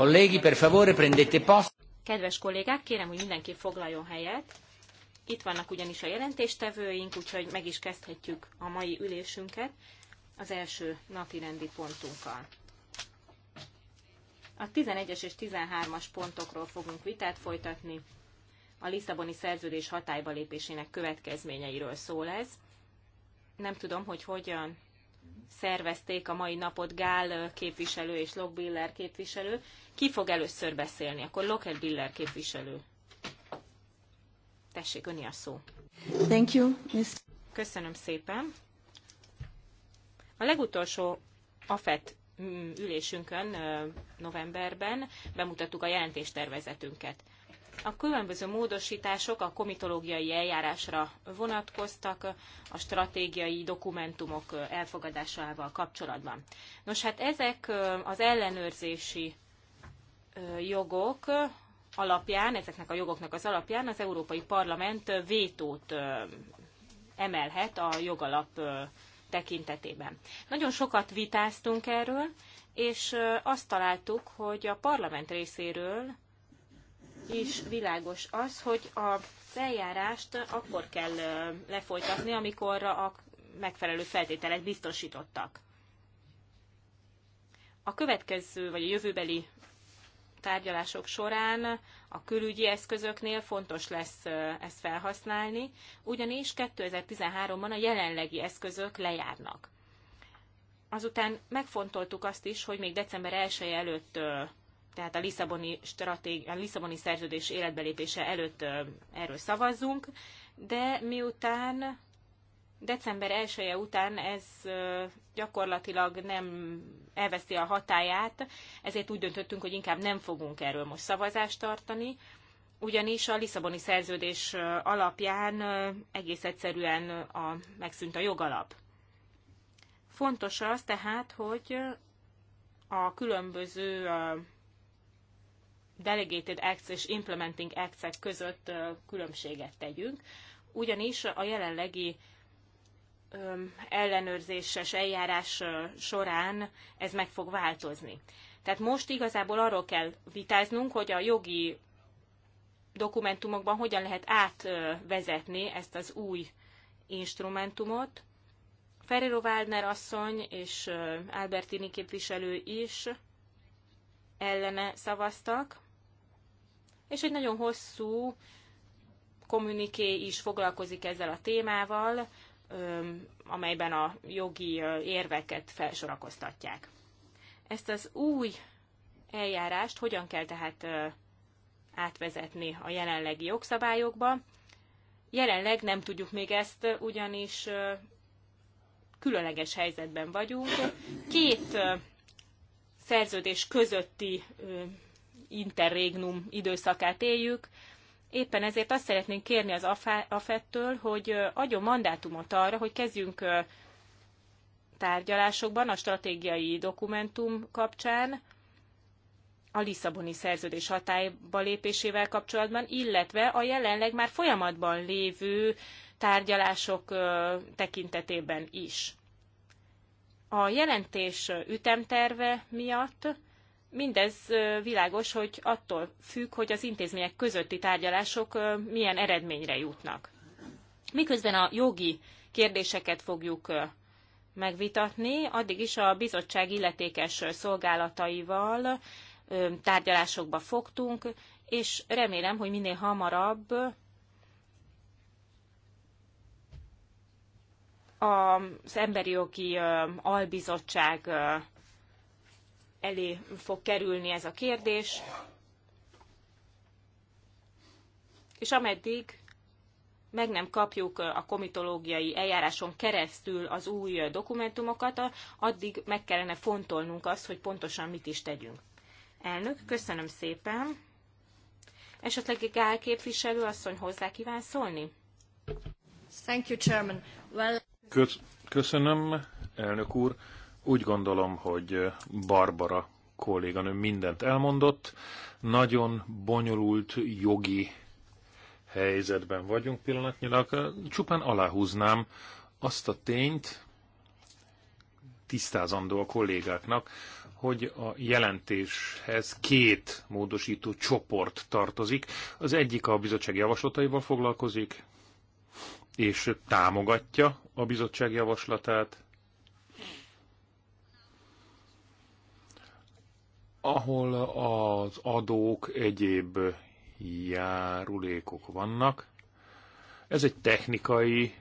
Colleghi, per favore, prendete posto. Kedves kollégák, kérem, hogy mindenki foglaljon helyet. Itt vannak ugyanis a jelentéstevőink, úgyhogy meg is kezdhetjük a mai ülésünket az első napi rendi pontunkkal. A 11-es és 13-as pontokról fogunk vitát folytatni. A Lisszaboni szerződés hatályba lépésének következményeiről szól ez. Nem tudom, hogy hogyan szervezték a mai napot Gál képviselő és Lokbiller képviselő. Ki fog először beszélni? Akkor Lokbiller képviselő. Tessék, öni a szó. Thank you, Mr. Köszönöm szépen. A legutolsó AFET mm, ülésünkön novemberben bemutattuk a jelentéstervezetünket. A különböző módosítások a komitológiai eljárásra vonatkoztak a stratégiai dokumentumok elfogadásával kapcsolatban. Nos, hát ezek az ellenőrzési jogok alapján, ezeknek a jogoknak az alapján az Európai Parlament vétót emelhet a jogalap tekintetében. Nagyon sokat vitáztunk erről, és azt találtuk, hogy a parlament részéről is világos az, hogy a feljárást akkor kell lefolytatni, amikor a megfelelő feltételek biztosítottak. A következő, vagy a jövőbeli tárgyalások során a külügyi eszközöknél fontos lesz ezt felhasználni, ugyanis 2013-ban a jelenlegi eszközök lejárnak. Azután megfontoltuk azt is, hogy még december 1 előtt tehát a Lisszaboni, stratég, a Lisszaboni szerződés életbelépése előtt erről szavazzunk, de miután december 1 -e után ez gyakorlatilag nem elveszi a hatáját, ezért úgy döntöttünk, hogy inkább nem fogunk erről most szavazást tartani, ugyanis a Lisszaboni szerződés alapján egész egyszerűen a, megszűnt a jogalap. Fontos az tehát, hogy a különböző Delegated Acts és Implementing Acts között különbséget tegyünk, ugyanis a jelenlegi ellenőrzéses eljárás során ez meg fog változni. Tehát most igazából arról kell vitáznunk, hogy a jogi dokumentumokban hogyan lehet átvezetni ezt az új instrumentumot. Ferrero Waldner asszony és Albertini képviselő is ellene szavaztak, és egy nagyon hosszú kommuniké is foglalkozik ezzel a témával, amelyben a jogi érveket felsorakoztatják. Ezt az új eljárást hogyan kell tehát átvezetni a jelenlegi jogszabályokba? Jelenleg nem tudjuk még ezt, ugyanis különleges helyzetben vagyunk. Két szerződés közötti interregnum időszakát éljük. Éppen ezért azt szeretnénk kérni az AFET-től, hogy adjon mandátumot arra, hogy kezdjünk tárgyalásokban a stratégiai dokumentum kapcsán, a Lisszaboni szerződés hatályba lépésével kapcsolatban, illetve a jelenleg már folyamatban lévő tárgyalások tekintetében is. A jelentés ütemterve miatt Mindez világos, hogy attól függ, hogy az intézmények közötti tárgyalások milyen eredményre jutnak. Miközben a jogi kérdéseket fogjuk megvitatni, addig is a bizottság illetékes szolgálataival tárgyalásokba fogtunk, és remélem, hogy minél hamarabb az Emberi Jogi Albizottság elé fog kerülni ez a kérdés, és ameddig meg nem kapjuk a komitológiai eljáráson keresztül az új dokumentumokat, addig meg kellene fontolnunk azt, hogy pontosan mit is tegyünk. Elnök, köszönöm szépen. Esetleg egy képviselő asszony hozzá kíván szólni? Thank you, Chairman. Well... Köszönöm, elnök úr. Úgy gondolom, hogy Barbara kolléganő mindent elmondott. Nagyon bonyolult jogi helyzetben vagyunk pillanatnyilag. Csupán aláhúznám azt a tényt, tisztázandó a kollégáknak, hogy a jelentéshez két módosító csoport tartozik. Az egyik a bizottság javaslataival foglalkozik, és támogatja a bizottság javaslatát, ahol az adók, egyéb járulékok vannak. Ez egy technikai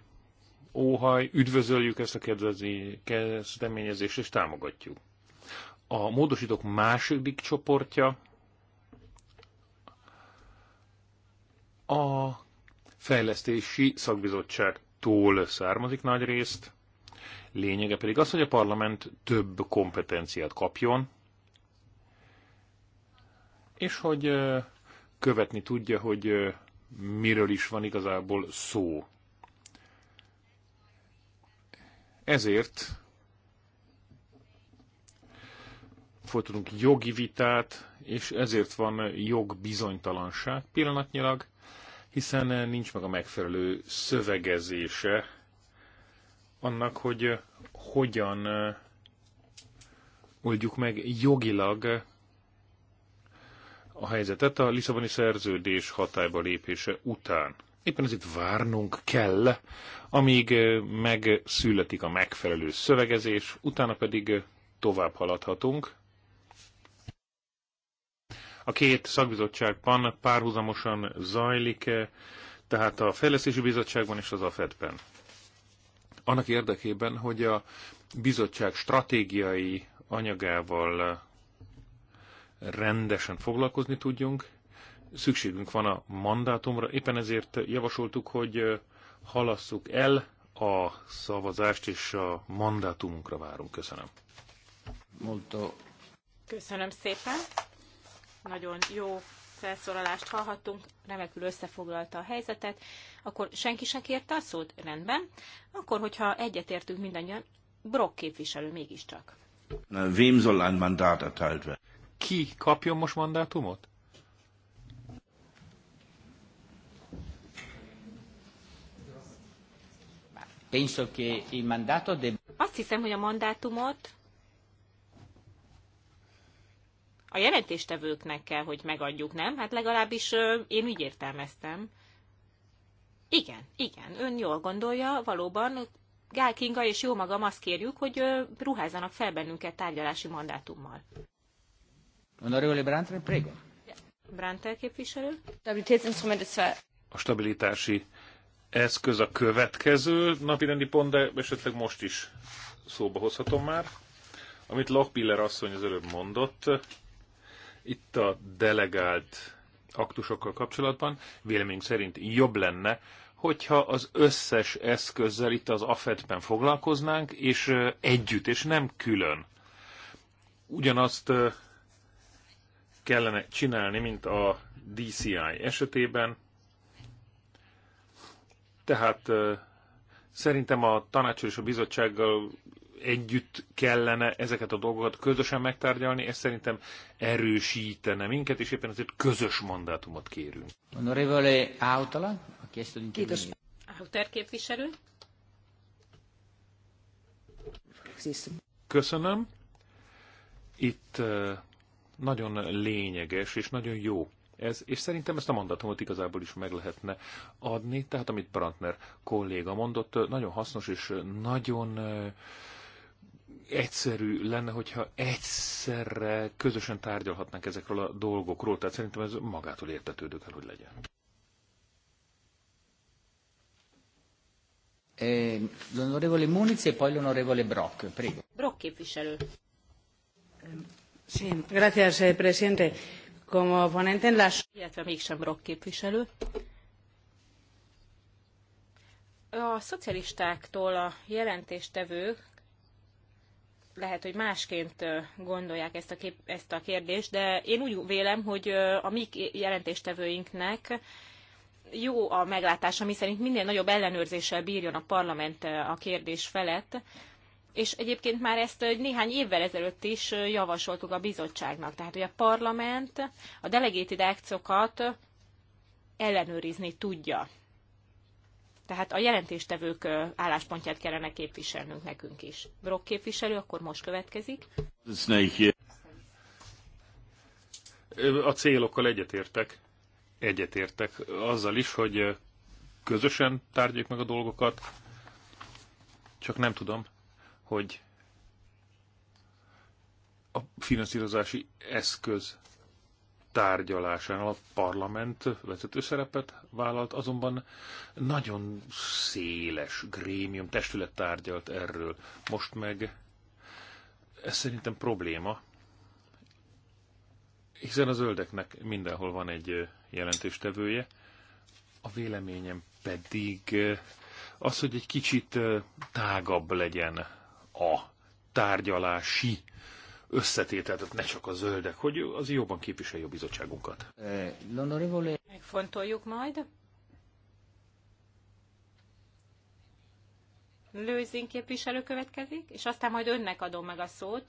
óhaj, üdvözöljük ezt a kezdeményezést, és támogatjuk. A módosítók második csoportja a fejlesztési szakbizottságtól származik nagy részt, lényege pedig az, hogy a parlament több kompetenciát kapjon, és hogy követni tudja, hogy miről is van igazából szó. Ezért folytatunk jogi vitát, és ezért van jogbizonytalanság pillanatnyilag, hiszen nincs meg a megfelelő szövegezése annak, hogy hogyan oldjuk meg jogilag a helyzetet a Lisszaboni szerződés hatályba lépése után. Éppen ezért várnunk kell, amíg megszületik a megfelelő szövegezés, utána pedig tovább haladhatunk. A két szakbizottságban párhuzamosan zajlik, tehát a Fejlesztési Bizottságban és az AFED-ben. Annak érdekében, hogy a bizottság stratégiai anyagával rendesen foglalkozni tudjunk. Szükségünk van a mandátumra, éppen ezért javasoltuk, hogy halasszuk el a szavazást, és a mandátumunkra várunk. Köszönöm. Molto. Köszönöm szépen. Nagyon jó felszólalást hallhattunk, remekül összefoglalta a helyzetet. Akkor senki sem kérte a szót? Rendben. Akkor, hogyha egyetértünk mindannyian, Brock képviselő mégiscsak. Wem soll ein Mandat erteilt werden? ki kapjon most mandátumot? Penso che il mandato de... Azt hiszem, hogy a mandátumot a jelentéstevőknek kell, hogy megadjuk, nem? Hát legalábbis én úgy értelmeztem. Igen, igen, ön jól gondolja, valóban Gál Kinga és jó magam azt kérjük, hogy ruházzanak fel bennünket tárgyalási mandátummal. A stabilitási eszköz a következő napirendi pont, de esetleg most is szóba hozhatom már. Amit Lochbiller asszony az előbb mondott, itt a delegált aktusokkal kapcsolatban vélemény szerint jobb lenne, hogyha az összes eszközzel itt az AFED-ben foglalkoznánk, és együtt, és nem külön. Ugyanazt kellene csinálni, mint a DCI esetében. Tehát szerintem a tanácsos és a bizottsággal együtt kellene ezeket a dolgokat közösen megtárgyalni, ez szerintem erősítene minket, és éppen ezért közös mandátumot kérünk. Honorevole Autala, a chiesto di képviselő. Köszönöm. Itt nagyon lényeges és nagyon jó ez, és szerintem ezt a mandatumot igazából is meg lehetne adni, tehát amit Brantner kolléga mondott, nagyon hasznos és nagyon egyszerű lenne, hogyha egyszerre közösen tárgyalhatnánk ezekről a dolgokról, tehát szerintem ez magától értetődő kell, hogy legyen. Eh, l'onorevole Muniz e poi l'onorevole Brock, prego. Brock képviselő. Sí, eh, presidente. Como ponente en las... Illetve mégsem Brock képviselő. A szocialistáktól a jelentéstevők lehet, hogy másként gondolják ezt a, kép, ezt a kérdést, de én úgy vélem, hogy a mi jelentéstevőinknek jó a meglátása, miszerint minél nagyobb ellenőrzéssel bírjon a parlament a kérdés felett, és egyébként már ezt néhány évvel ezelőtt is javasoltuk a bizottságnak. Tehát, hogy a parlament a delegated actokat ellenőrizni tudja. Tehát a jelentéstevők álláspontját kellene képviselnünk nekünk is. Brock képviselő, akkor most következik. A célokkal egyetértek. Egyetértek azzal is, hogy közösen tárgyaljuk meg a dolgokat, csak nem tudom, hogy a finanszírozási eszköz tárgyalásán a parlament vezető szerepet vállalt, azonban nagyon széles grémium, testület tárgyalt erről. Most meg ez szerintem probléma, hiszen a zöldeknek mindenhol van egy jelentéstevője, a véleményem pedig az, hogy egy kicsit tágabb legyen a tárgyalási összetétel, tehát ne csak a zöldek, hogy az jobban képviselje a bizottságunkat. Megfontoljuk majd. Lőzin képviselő következik, és aztán majd önnek adom meg a szót.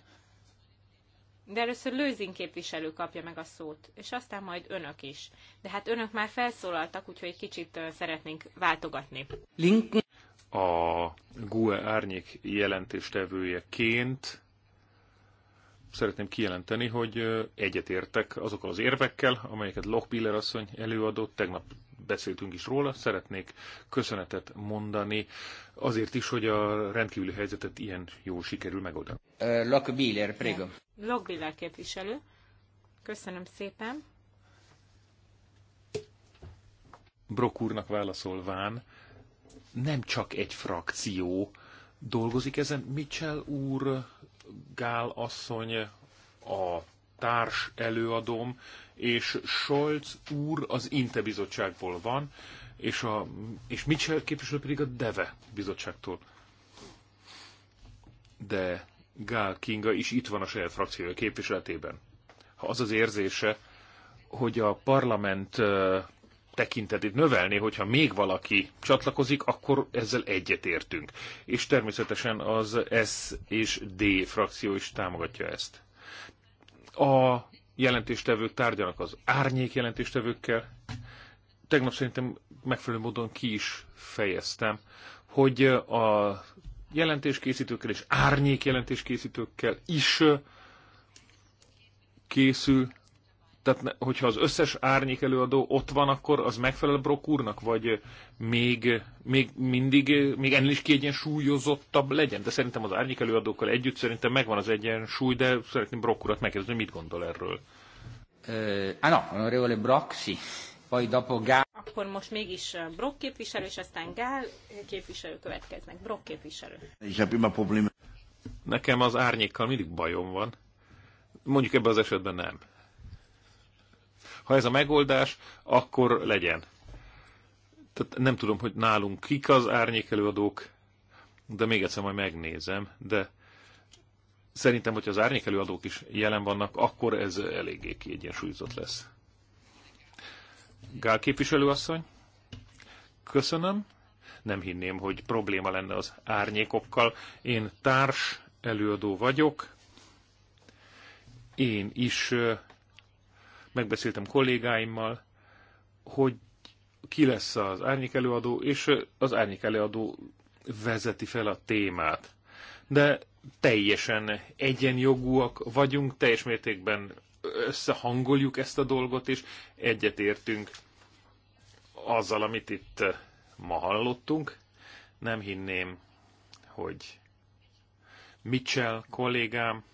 De először Lőzin képviselő kapja meg a szót, és aztán majd önök is. De hát önök már felszólaltak, úgyhogy egy kicsit szeretnénk váltogatni. Linken a GUE árnyék jelentéstevőjeként szeretném kijelenteni, hogy egyetértek azokkal az érvekkel, amelyeket Lockbiller asszony előadott, tegnap beszéltünk is róla, szeretnék köszönetet mondani azért is, hogy a rendkívüli helyzetet ilyen jól sikerül megoldani. Lockbiller, prego. Lockbiller képviselő, köszönöm szépen. Brok úrnak válaszolván, nem csak egy frakció dolgozik ezen. Mitchell úr, Gál asszony, a társ előadom, és Scholz úr az Inte bizottságból van, és, a, és Mitchell képviselő pedig a Deve bizottságtól. De Gál Kinga is itt van a saját frakciója képviseletében. Ha az az érzése, hogy a parlament tekintetét növelni, hogyha még valaki csatlakozik, akkor ezzel egyetértünk. És természetesen az S és D frakció is támogatja ezt. A jelentéstevők tárgyalnak az árnyék jelentéstevőkkel. Tegnap szerintem megfelelő módon ki is fejeztem, hogy a jelentéskészítőkkel és árnyék jelentéskészítőkkel is készül tehát, hogyha az összes árnyék előadó ott van, akkor az megfelel Brock úrnak, vagy még, még mindig, még ennél is kiegyensúlyozottabb legyen. De szerintem az árnyék előadókkal együtt szerintem megvan az egyensúly, de szeretném Brock urat megkérdezni, mit gondol erről. Uh, ah, no, Brock, si. Poi dopo Gál. Akkor most mégis Brock képviselő, és aztán Gál képviselő következnek. Brock képviselő. Nekem az árnyékkal mindig bajom van. Mondjuk ebben az esetben nem. Ha ez a megoldás, akkor legyen. Tehát nem tudom, hogy nálunk kik az árnyékelőadók, de még egyszer majd megnézem, de szerintem, hogyha az árnyékelőadók is jelen vannak, akkor ez eléggé kiegyensúlyozott lesz. Gál képviselőasszony, köszönöm. Nem hinném, hogy probléma lenne az árnyékokkal. Én társ előadó vagyok. Én is megbeszéltem kollégáimmal, hogy ki lesz az árnyék előadó, és az árnyék előadó vezeti fel a témát. De teljesen egyenjogúak vagyunk, teljes mértékben összehangoljuk ezt a dolgot, és egyetértünk azzal, amit itt ma hallottunk. Nem hinném, hogy Mitchell kollégám,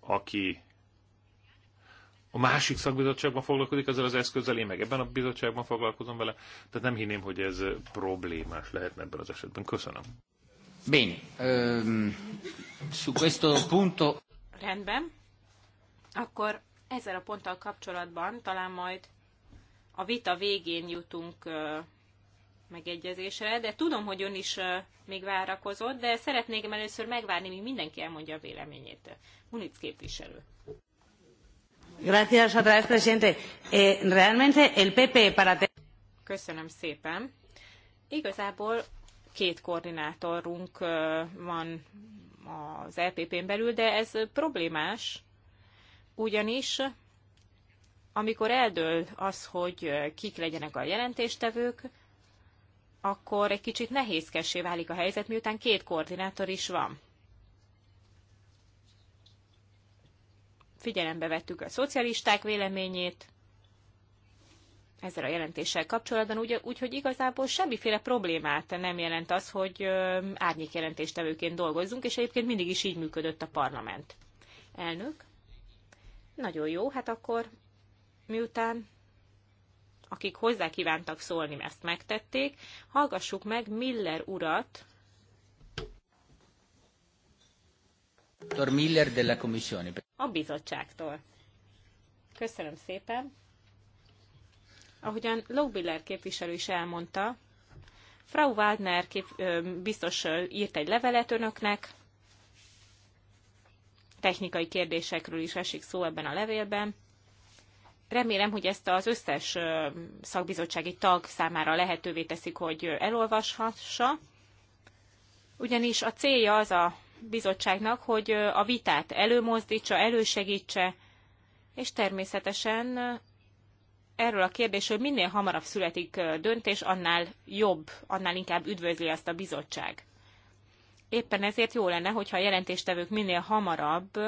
aki a másik szakbizottságban foglalkozik ezzel az eszközzel, én meg ebben a bizottságban foglalkozom vele, tehát nem hinném, hogy ez problémás lehetne ebben az esetben. Köszönöm. Bene, um, su questo punto... Rendben. Akkor ezzel a ponttal kapcsolatban talán majd a vita végén jutunk megegyezésre, de tudom, hogy ön is még várakozott, de szeretnék először megvárni, míg mindenki elmondja a véleményét. Munic képviselő. Gracias otra vez, presidente. Eh, realmente el PP para... Köszönöm szépen. Igazából két koordinátorunk van az LPP-n e belül, de ez problémás, ugyanis amikor eldől az, hogy kik legyenek a jelentéstevők, akkor egy kicsit nehézkessé válik a helyzet, miután két koordinátor is van. figyelembe vettük a szocialisták véleményét ezzel a jelentéssel kapcsolatban, úgyhogy úgy, igazából semmiféle problémát nem jelent az, hogy árnyék jelentéstevőként dolgozzunk, és egyébként mindig is így működött a parlament. Elnök? Nagyon jó, hát akkor miután akik hozzá kívántak szólni, ezt megtették, hallgassuk meg Miller urat, Miller della Commissione. A bizottságtól. Köszönöm szépen. Ahogyan Loubiller képviselő is elmondta, Frau Waldner kép, ö, biztos írt egy levelet önöknek, technikai kérdésekről is esik szó ebben a levélben. Remélem, hogy ezt az összes szakbizottsági tag számára lehetővé teszik, hogy elolvashassa, ugyanis a célja az a bizottságnak, hogy a vitát előmozdítsa, elősegítse, és természetesen erről a kérdésről minél hamarabb születik döntés, annál jobb, annál inkább üdvözli azt a bizottság. Éppen ezért jó lenne, hogyha a jelentéstevők minél hamarabb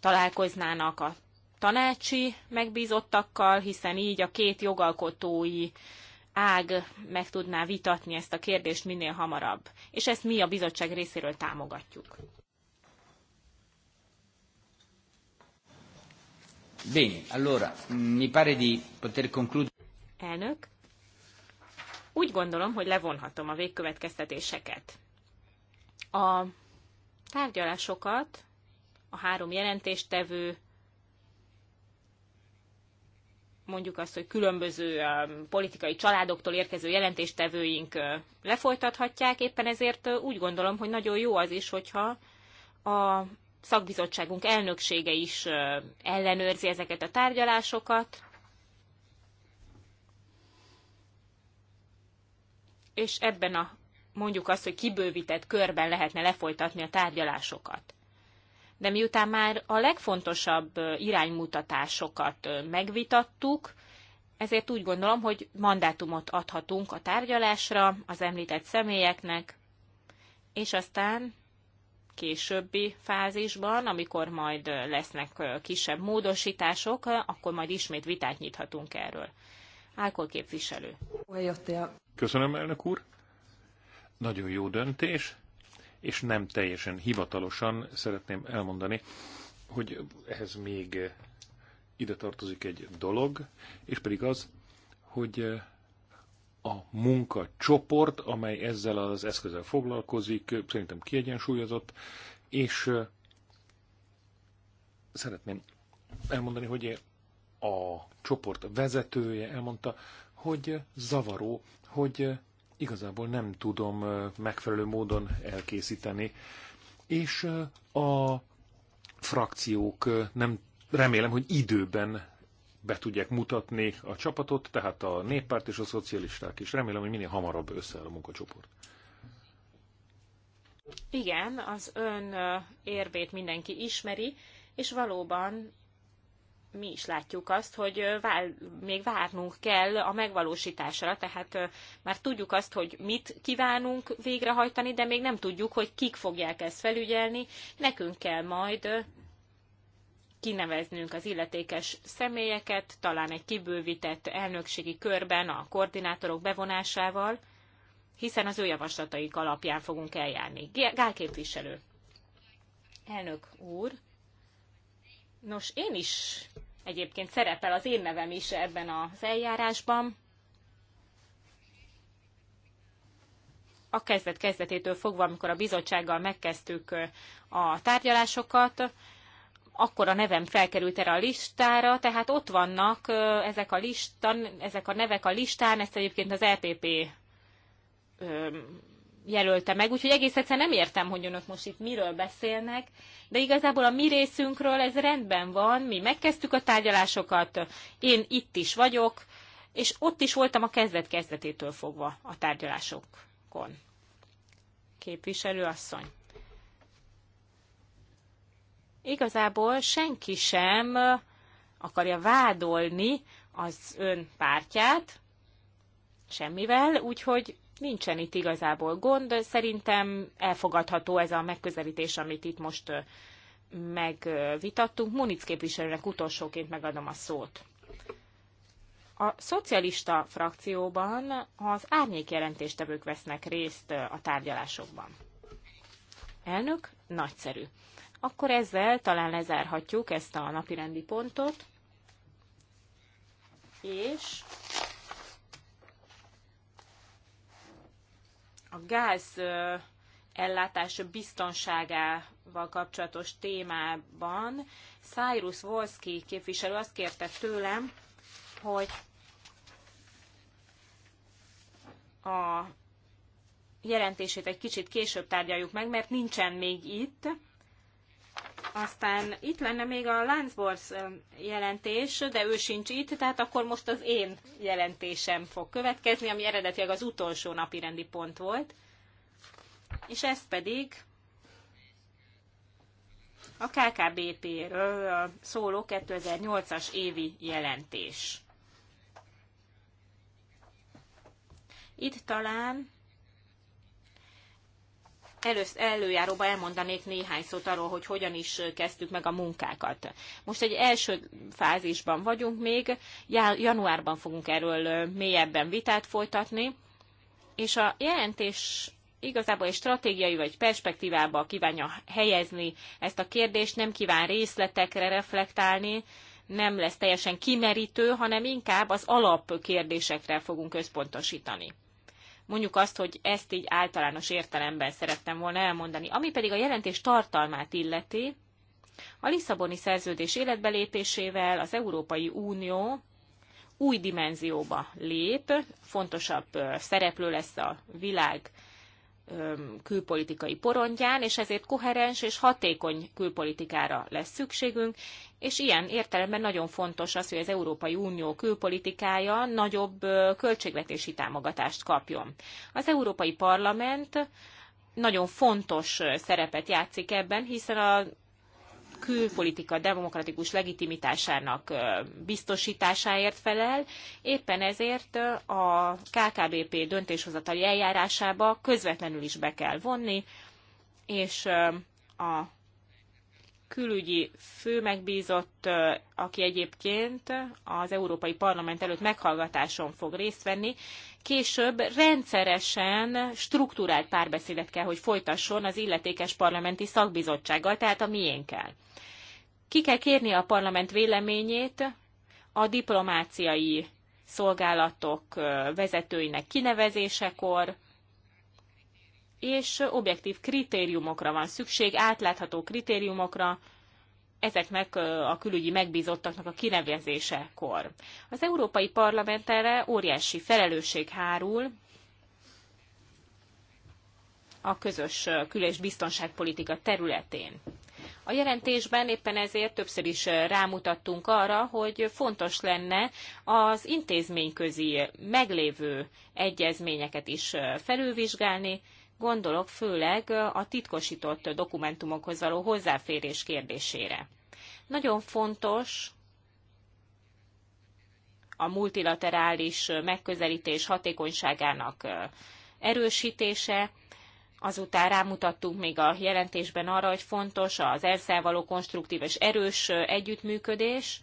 találkoznának a tanácsi megbízottakkal, hiszen így a két jogalkotói ág meg tudná vitatni ezt a kérdést minél hamarabb. És ezt mi a bizottság részéről támogatjuk. Bene, allora, mi pare di poter concludere. Elnök, úgy gondolom, hogy levonhatom a végkövetkeztetéseket. A tárgyalásokat a három jelentéstevő mondjuk azt, hogy különböző um, politikai családoktól érkező jelentéstevőink uh, lefolytathatják. Éppen ezért uh, úgy gondolom, hogy nagyon jó az is, hogyha a szakbizottságunk elnöksége is uh, ellenőrzi ezeket a tárgyalásokat, és ebben a mondjuk azt, hogy kibővített körben lehetne lefolytatni a tárgyalásokat de miután már a legfontosabb iránymutatásokat megvitattuk, ezért úgy gondolom, hogy mandátumot adhatunk a tárgyalásra az említett személyeknek, és aztán későbbi fázisban, amikor majd lesznek kisebb módosítások, akkor majd ismét vitát nyithatunk erről. Álkol képviselő. Köszönöm, elnök úr. Nagyon jó döntés és nem teljesen hivatalosan szeretném elmondani, hogy ehhez még ide tartozik egy dolog, és pedig az, hogy a munkacsoport, amely ezzel az eszközzel foglalkozik, szerintem kiegyensúlyozott, és szeretném elmondani, hogy a csoport vezetője elmondta, hogy zavaró, hogy igazából nem tudom megfelelő módon elkészíteni, és a frakciók nem remélem, hogy időben be tudják mutatni a csapatot, tehát a néppárt és a szocialisták is. Remélem, hogy minél hamarabb összeáll a munkacsoport. Igen, az ön érvét mindenki ismeri, és valóban mi is látjuk azt, hogy vál, még várnunk kell a megvalósításra, tehát már tudjuk azt, hogy mit kívánunk végrehajtani, de még nem tudjuk, hogy kik fogják ezt felügyelni. Nekünk kell majd kineveznünk az illetékes személyeket, talán egy kibővített elnökségi körben a koordinátorok bevonásával, hiszen az ő javaslataik alapján fogunk eljárni. Gál képviselő. Elnök úr, Nos, én is egyébként szerepel az én nevem is ebben az eljárásban. A kezdet kezdetétől fogva, amikor a bizottsággal megkezdtük a tárgyalásokat, akkor a nevem felkerült erre a listára, tehát ott vannak ezek a, listan, ezek a nevek a listán, ezt egyébként az EPP jelölte meg, úgyhogy egész egyszerűen nem értem, hogy önök most itt miről beszélnek, de igazából a mi részünkről ez rendben van, mi megkezdtük a tárgyalásokat, én itt is vagyok, és ott is voltam a kezdet kezdetétől fogva a tárgyalásokon. Képviselő asszony. Igazából senki sem akarja vádolni az ön pártját semmivel, úgyhogy nincsen itt igazából gond. Szerintem elfogadható ez a megközelítés, amit itt most megvitattunk. Munic képviselőnek utolsóként megadom a szót. A szocialista frakcióban az árnyék jelentéstevők vesznek részt a tárgyalásokban. Elnök, nagyszerű. Akkor ezzel talán lezárhatjuk ezt a napirendi pontot, és a gáz ellátás biztonságával kapcsolatos témában Cyrus Wolski képviselő azt kérte tőlem, hogy a jelentését egy kicsit később tárgyaljuk meg, mert nincsen még itt, aztán itt lenne még a Lanzborz jelentés, de ő sincs itt, tehát akkor most az én jelentésem fog következni, ami eredetileg az utolsó napi rendi pont volt. És ez pedig a KKBP-ről szóló 2008-as évi jelentés. Itt talán elősz, előjáróba elmondanék néhány szót arról, hogy hogyan is kezdtük meg a munkákat. Most egy első fázisban vagyunk még, januárban fogunk erről mélyebben vitát folytatni, és a jelentés igazából egy stratégiai vagy perspektívába kívánja helyezni ezt a kérdést, nem kíván részletekre reflektálni, nem lesz teljesen kimerítő, hanem inkább az alapkérdésekre fogunk központosítani. Mondjuk azt, hogy ezt így általános értelemben szerettem volna elmondani. Ami pedig a jelentés tartalmát illeti, a Lisszaboni szerződés életbelépésével az Európai Unió új dimenzióba lép, fontosabb szereplő lesz a világ külpolitikai porondján, és ezért koherens és hatékony külpolitikára lesz szükségünk, és ilyen értelemben nagyon fontos az, hogy az Európai Unió külpolitikája nagyobb költségvetési támogatást kapjon. Az Európai Parlament nagyon fontos szerepet játszik ebben, hiszen a külpolitika demokratikus legitimitásának biztosításáért felel, éppen ezért a KKBP döntéshozatali eljárásába közvetlenül is be kell vonni, és a külügyi főmegbízott, aki egyébként az Európai Parlament előtt meghallgatáson fog részt venni, később rendszeresen struktúrált párbeszédet kell, hogy folytasson az illetékes parlamenti szakbizottsággal, tehát a miénkkel. Ki kell kérni a parlament véleményét a diplomáciai szolgálatok vezetőinek kinevezésekor, és objektív kritériumokra van szükség, átlátható kritériumokra, ezeknek a külügyi megbízottaknak a kinevezésekor. Az Európai Parlament erre óriási felelősség hárul a közös kül- és biztonságpolitika területén. A jelentésben éppen ezért többször is rámutattunk arra, hogy fontos lenne az intézményközi meglévő egyezményeket is felülvizsgálni, gondolok főleg a titkosított dokumentumokhoz való hozzáférés kérdésére. Nagyon fontos a multilaterális megközelítés hatékonyságának erősítése, Azután rámutattunk még a jelentésben arra, hogy fontos az ezzel való konstruktív és erős együttműködés,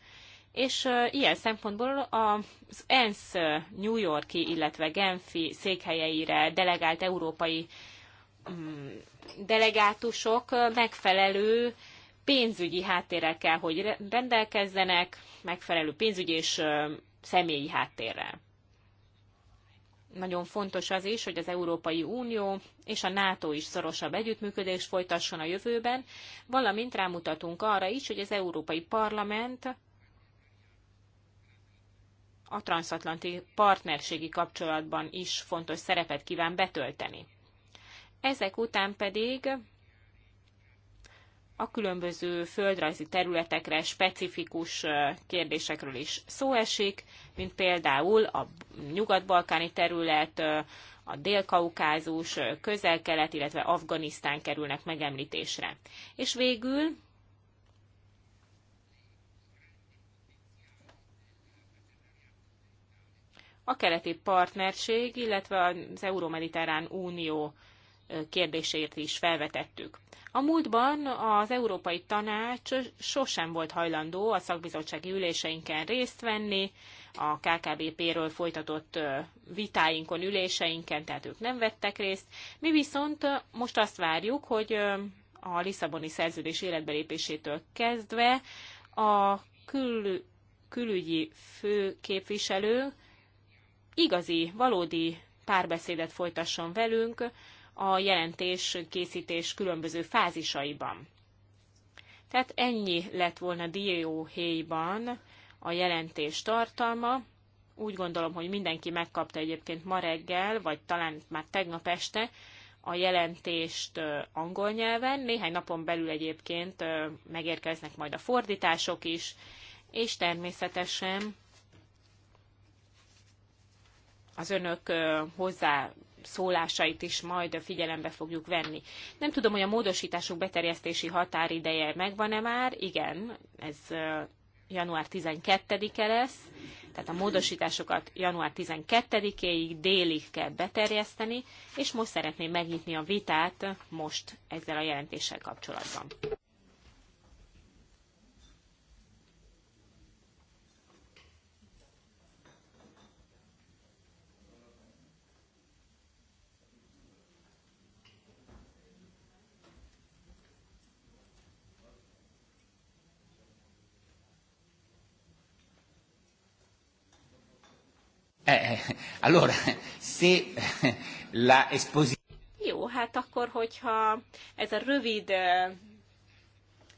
és ilyen szempontból az ENSZ New Yorki, illetve Genfi székhelyeire delegált európai mm, delegátusok megfelelő pénzügyi háttérrel kell, hogy rendelkezzenek, megfelelő pénzügyi és személyi háttérrel. Nagyon fontos az is, hogy az Európai Unió és a NATO is szorosabb együttműködést folytasson a jövőben, valamint rámutatunk arra is, hogy az Európai Parlament a transatlanti partnerségi kapcsolatban is fontos szerepet kíván betölteni. Ezek után pedig a különböző földrajzi területekre specifikus kérdésekről is szó esik, mint például a nyugat-balkáni terület, a dél-kaukázus, közel-kelet, illetve Afganisztán kerülnek megemlítésre. És végül a keleti partnerség, illetve az Európe-Mediterrán Unió kérdését is felvetettük. A múltban az Európai Tanács sosem volt hajlandó a szakbizottsági üléseinken részt venni, a KKBP-ről folytatott vitáinkon, üléseinken, tehát ők nem vettek részt. Mi viszont most azt várjuk, hogy a Lisszaboni szerződés életbelépésétől kezdve a kül, külügyi főképviselő igazi, valódi párbeszédet folytasson velünk a jelentés készítés különböző fázisaiban. Tehát ennyi lett volna dióhéjban a jelentés tartalma. Úgy gondolom, hogy mindenki megkapta egyébként ma reggel, vagy talán már tegnap este a jelentést angol nyelven. Néhány napon belül egyébként megérkeznek majd a fordítások is, és természetesen az önök hozzá szólásait is majd figyelembe fogjuk venni. Nem tudom, hogy a módosítások beterjesztési határideje megvan-e már. Igen, ez január 12-e lesz, tehát a módosításokat január 12-éig délig kell beterjeszteni, és most szeretném megnyitni a vitát most ezzel a jelentéssel kapcsolatban. Eh, eh, allora, se la esposizione... Jó, hát akkor, hogyha ez a rövid eh,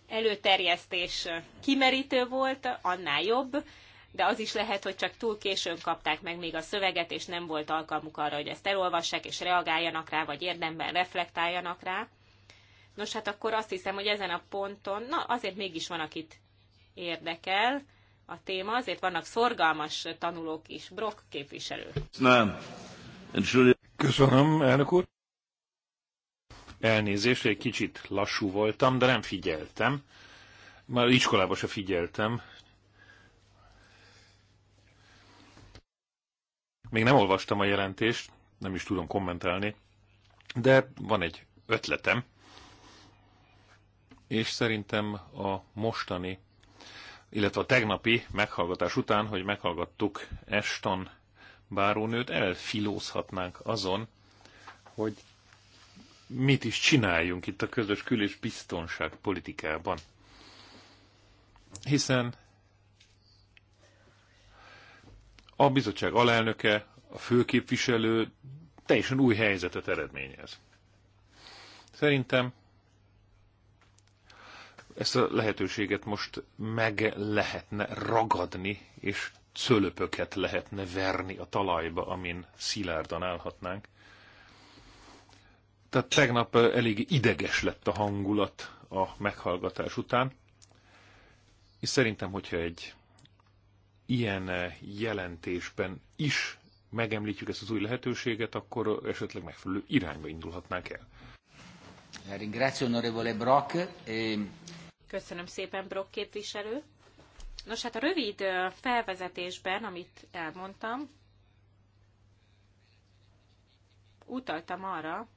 előterjesztés kimerítő volt, annál jobb, de az is lehet, hogy csak túl későn kapták meg még a szöveget, és nem volt alkalmuk arra, hogy ezt elolvassák, és reagáljanak rá, vagy érdemben reflektáljanak rá. Nos, hát akkor azt hiszem, hogy ezen a ponton, na azért mégis van, akit érdekel, a téma, azért vannak szorgalmas tanulók is. Brock képviselő. Nem. Köszönöm, elnök úr. Elnézést, egy kicsit lassú voltam, de nem figyeltem. Már iskolában se figyeltem. Még nem olvastam a jelentést, nem is tudom kommentálni, de van egy ötletem, és szerintem a mostani illetve a tegnapi meghallgatás után, hogy meghallgattuk Eston bárónőt, elfilózhatnánk azon, hogy mit is csináljunk itt a közös kül- és biztonságpolitikában. Hiszen a bizottság alelnöke, a főképviselő teljesen új helyzetet eredményez. Szerintem ezt a lehetőséget most meg lehetne ragadni, és cölöpöket lehetne verni a talajba, amin szilárdan állhatnánk. Tehát tegnap elég ideges lett a hangulat a meghallgatás után, és szerintem, hogyha egy ilyen jelentésben is megemlítjük ezt az új lehetőséget, akkor esetleg megfelelő irányba indulhatnánk el. Ringrazio onorevole Brock. Ehm, Köszönöm szépen, Brock képviselő. Nos, hát a rövid felvezetésben, amit elmondtam, utaltam arra,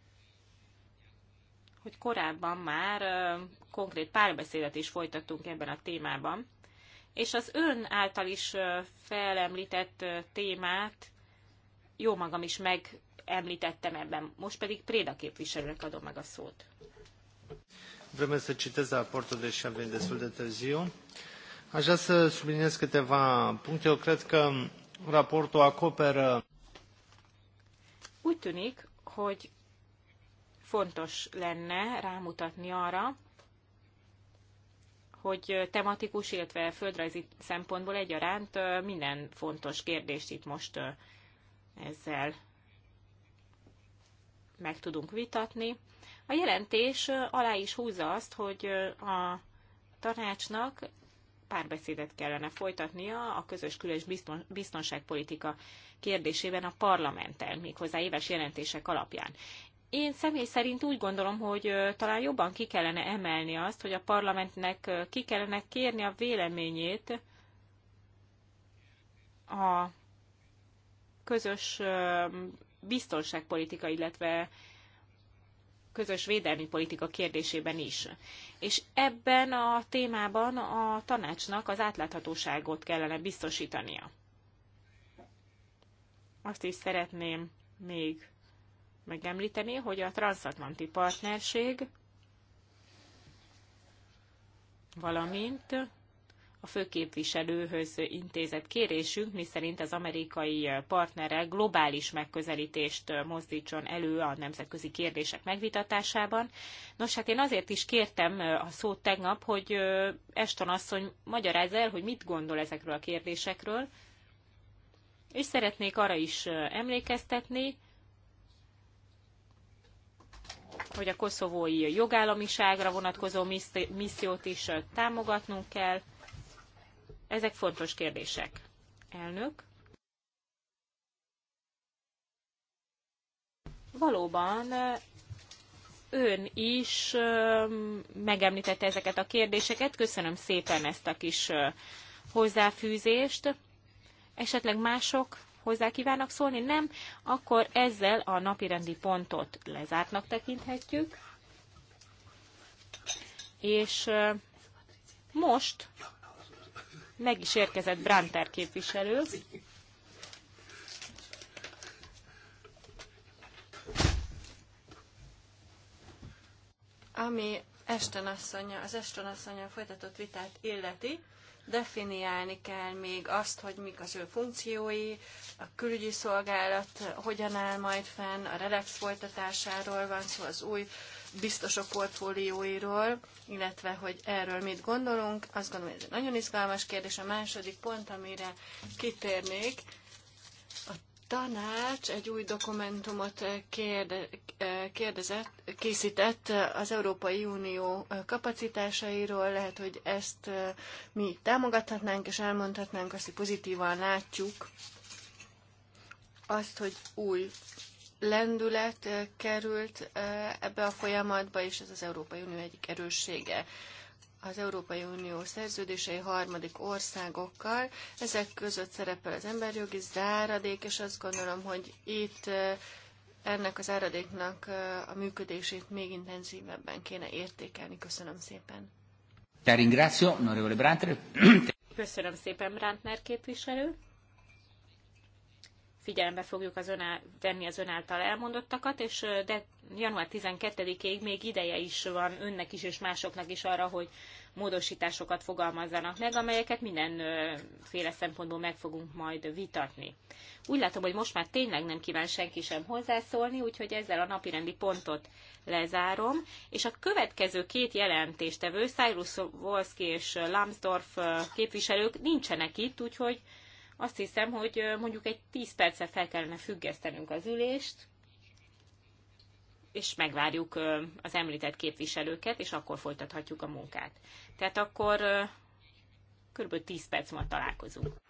hogy korábban már konkrét párbeszédet is folytattunk ebben a témában, és az ön által is felemlített témát jó magam is megemlítettem ebben. Most pedig Préda képviselőnek adom meg a szót vreme să citesc raportul, deși am venit destul de târziu. Aș vrea să subliniez câteva puncte. Eu cred că raportul acoperă... Úgy tűnik, hogy fontos lenne rámutatni arra, hogy tematikus, illetve földrajzi szempontból egyaránt minden fontos kérdést itt most ezzel meg tudunk vitatni. A jelentés alá is húzza azt, hogy a tanácsnak párbeszédet kellene folytatnia a közös külös biztonságpolitika kérdésében a parlamenttel, méghozzá éves jelentések alapján. Én személy szerint úgy gondolom, hogy talán jobban ki kellene emelni azt, hogy a parlamentnek ki kellene kérni a véleményét a közös biztonságpolitika, illetve közös védelmi politika kérdésében is. És ebben a témában a tanácsnak az átláthatóságot kellene biztosítania. Azt is szeretném még megemlíteni, hogy a transatlanti partnerség, valamint a főképviselőhöz intézett kérésünk, miszerint az amerikai partnere globális megközelítést mozdítson elő a nemzetközi kérdések megvitatásában. Nos, hát én azért is kértem a szót tegnap, hogy Eston asszony magyarázza el, hogy mit gondol ezekről a kérdésekről, és szeretnék arra is emlékeztetni, hogy a koszovói jogállamiságra vonatkozó missziót is támogatnunk kell, ezek fontos kérdések. Elnök. Valóban ön is megemlítette ezeket a kérdéseket. Köszönöm szépen ezt a kis hozzáfűzést. Esetleg mások hozzá kívánnak szólni? Nem? Akkor ezzel a napirendi pontot lezártnak tekinthetjük. És most meg is érkezett Brantner képviselő. Ami Eston asszonya, az Eston asszonya folytatott vitát illeti, definiálni kell még azt, hogy mik az ő funkciói, a külügyi szolgálat hogyan áll majd fenn, a relax folytatásáról van szó, az új biztosok portfólióiról, illetve hogy erről mit gondolunk. Azt gondolom, hogy ez egy nagyon izgalmas kérdés. A második pont, amire kitérnék, a tanács egy új dokumentumot kérdezett, készített az Európai Unió kapacitásairól. Lehet, hogy ezt mi támogathatnánk, és elmondhatnánk azt, hogy pozitívan látjuk azt, hogy új lendület került ebbe a folyamatba, és ez az Európai Unió egyik erőssége az Európai Unió szerződései harmadik országokkal. Ezek között szerepel az emberjogi záradék, és azt gondolom, hogy itt ennek az áradéknak a működését még intenzívebben kéne értékelni. Köszönöm szépen. Köszönöm szépen, Brantner képviselő figyelembe fogjuk az öná, venni az ön által elmondottakat, és de január 12-ig még ideje is van önnek is és másoknak is arra, hogy módosításokat fogalmazzanak meg, amelyeket mindenféle szempontból meg fogunk majd vitatni. Úgy látom, hogy most már tényleg nem kíván senki sem hozzászólni, úgyhogy ezzel a napirendi pontot lezárom, és a következő két jelentéstevő, Cyrus Wolski és Lambsdorff képviselők nincsenek itt, úgyhogy azt hiszem, hogy mondjuk egy 10 perccel fel kellene függesztenünk az ülést, és megvárjuk az említett képviselőket, és akkor folytathatjuk a munkát. Tehát akkor kb. 10 perc múlva találkozunk.